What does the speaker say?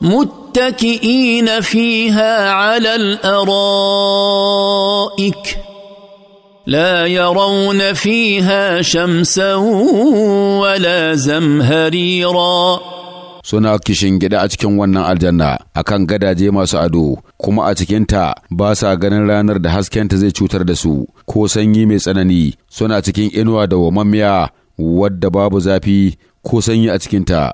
متكئين فيها على الارائك لا يرون فيها شمسا ولا زمهريرا suna kishin gida a cikin wannan aljanna a kan gadaje masu ado kuma a cikinta ba sa ganin ranar da haskenta zai cutar da su ko sanyi mai tsanani suna cikin inuwa da wamammiya wadda babu zafi ko sanyi a cikinta